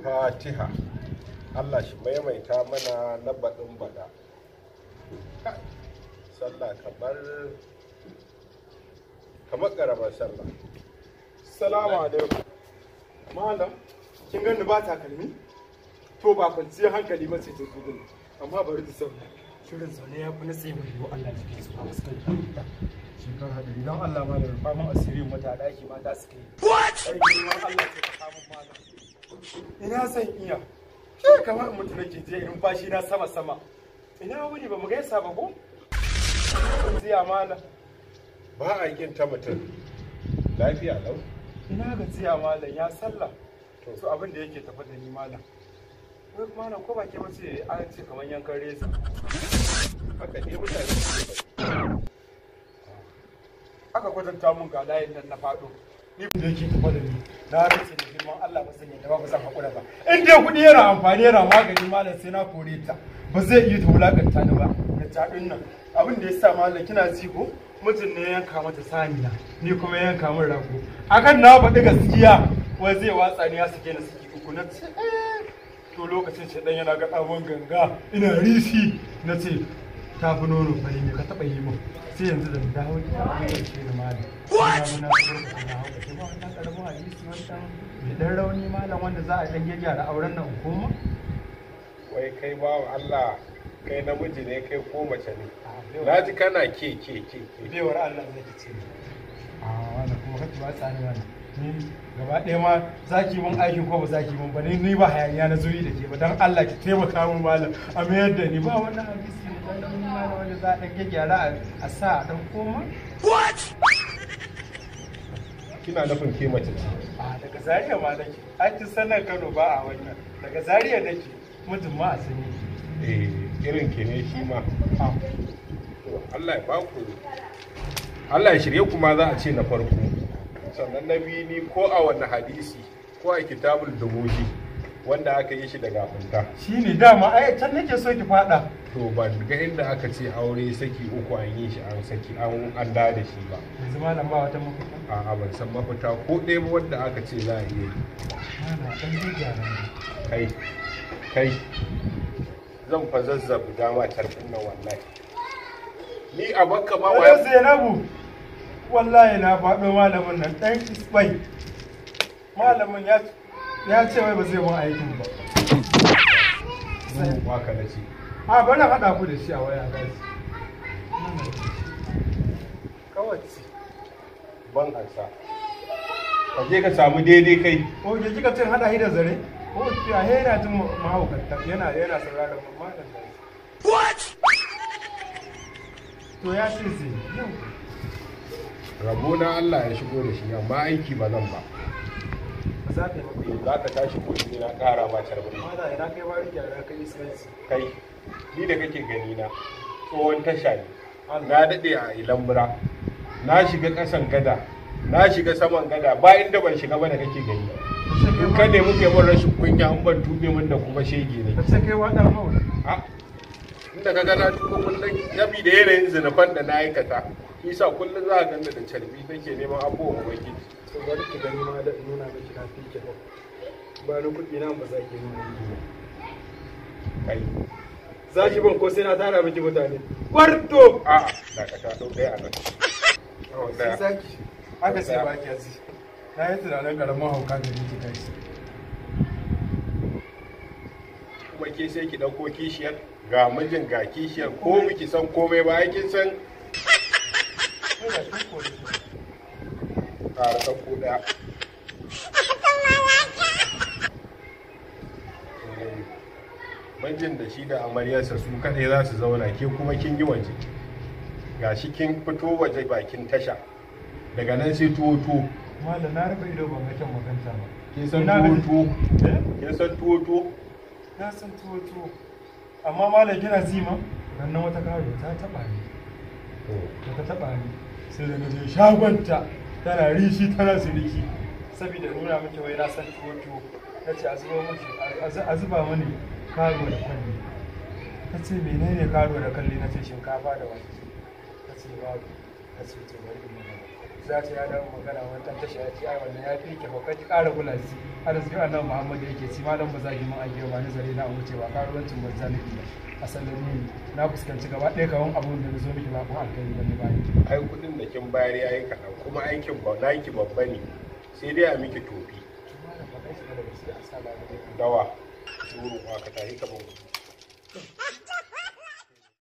fatiha allah shi maimaita mana na baɗin baɗa sallah kamar kamar ƙaramar sallah salamu alaikum malam kin gani ba takalmi to ba kwanciyar hankali ba sai ta amma bari ta samu shirin zaune ya fi na tsaye mai yiwu allah jikin su a wasu kan shekar hadari don allah ma da rufa mun asirin mata daki mata suka yi what? Allah ta kafa mun malam ina san iya ke kamar in mutu nake je in bashi na sama sama ina wuni ba mu yasa ba ko zai amana ba a yin ta mutum lafiya lau ina gajiya amana ya sallah to abin da yake tafi da ni malam. wai kuma na ko baki wace an ce kamar yankan reza haka ne mutane aka kwatanta mun ga layin nan na faɗo ni da yake gaba da ni na rantsa da girman Allah ba sanya da ba zan hakura ba in dai kuɗi yana amfani yana magani malam sai na kore ta ba zai iya ta wulakanta ni ba na taɗin nan abin da ya sa malam kina ji ko mutum ne yanka mata saniya ni kuma yanka min rago akan na faɗi gaskiya wai zai watsa ni ya sake na saki uku na ce eh. to lokacin shaɗan yana ga ɗabon ganga ina risi na ce ta fi nono fari ne ka taba yi mu sai yanzu da da hau gida ba ya ce da malam what mai dan rauni malam wanda za a dan gyara auren nan koma wai kai bawo Allah kai namiji ne kai ko mace ne na ji kana ke ke ke bewar Allah zai ce a wannan kuma ka ba tsani wannan gaba ɗaya ma za ki mun aikin ko ba za ki mun ba ni ba hayaniya na zuri da ke ba don Allah ki taimaka min malam a mayar da ni ba wannan hadisi ne da ni da wanda za a ɗan gyara a sa a ɗan koma what kina nufin ke mace ce daga zariya ma nake an ci sanar Kano ba a wannan daga zariya nake mutum ma a sani eh irin ke ne shi ma Allah ya ba ku Allah ya shirye kuma za a ce na farko sannan na biyu ni ko a wani hadisi ko a kitabul dubuji wanda aka yi shi da gafinta shi ne dama ai can nake so ki fada to ba ga inda aka ce aure saki uku an yi shi an saki an an da da shi ba yanzu malam ba wata mafita a a ban san mafita ko ɗaya ba wanda aka ce za a iya yi kai kai zan fa zazzabu dama tarfin nan wallahi ni a bakka ba wa Zainabu wallahi na faɗo malamin nan ɗan isbai malamin ya ce wai ba zai mun aikin ba sai waka na ce a bana haɗa ku da shi a waya shi kawai ban hasa ka je ka samu daidai kai ko ke kika cin haɗa da zare ko ki a hera jin mahaukata yana yana sauraron malam what to ya ce zai yau rabona Allah ya shigo da shi amma aiki ba zan ba za ka tashi ko shi na kara ba carbin kai Kai, ni da kake gani na tsohon tasha ne na daɗe a ilambura na shiga ƙasan gada na shiga saman gada ba inda ban shiga ba da kake gani in ka nemi kai mun rashin kunya an ban tube min da kuma shege ne sai kai wada mawa ah, inda ka ga na tuba mun dan yabi da yanayin zinafan da na aikata isa kullum za a ganda da carbi ke neman abubuwan wake to bari ki gani ma da nuna da na fi ba. ba ni kuɗi na ba za ki nuna kai za ki ban ko sai na tara miki mutane kwarto a da ka ta dai a nan sai zaki Haka sai ba ki azi na yi tunanin karamin hauka da miki kai kuma ke sai ki ɗauko kishiyar ga mijin ga kishiyar ko miki san komai ba kin san Majin da shi da amaryarsa su kaɗai za su zauna ke kuma kin yi waje. Ga shi kin fito waje bakin tasha. Daga nan sai tuwo tuwo. Mala na rufe ido ban ga kyan makanta ba. ke san tuwo tuwo? Ke eh? san tuwo tuwo? Na san tuwo tuwo. Amma malam gina zima? Rannan wata kawai ta taɓa ne. Ta taɓa ne. sai da je shagonta tana rishi tana siriki saboda nuna mata wai na san tuwo ta ce a zuba mani karo da kalli ta ce menene karo da kalli na ce shinkafa da wani. ta babu asibitin garin magana za ta yada magana wata tasha ya ce ai wannan ya fi ke hauka ki ƙara kula shi har sai annabi muhammadu yake ci malam ba za ki mun ajiye ba zare na wuce ba karuwancin banza ne a sallami na fuskanci gaba ɗaya kawan abun da na zo miki ba ko alkhairi ba ne ai kuɗin da kin bayar ya yi kaɗan kuma aikin ba naki babba ne sai dai a miki tofi dawa turu ba ka tafi ka ban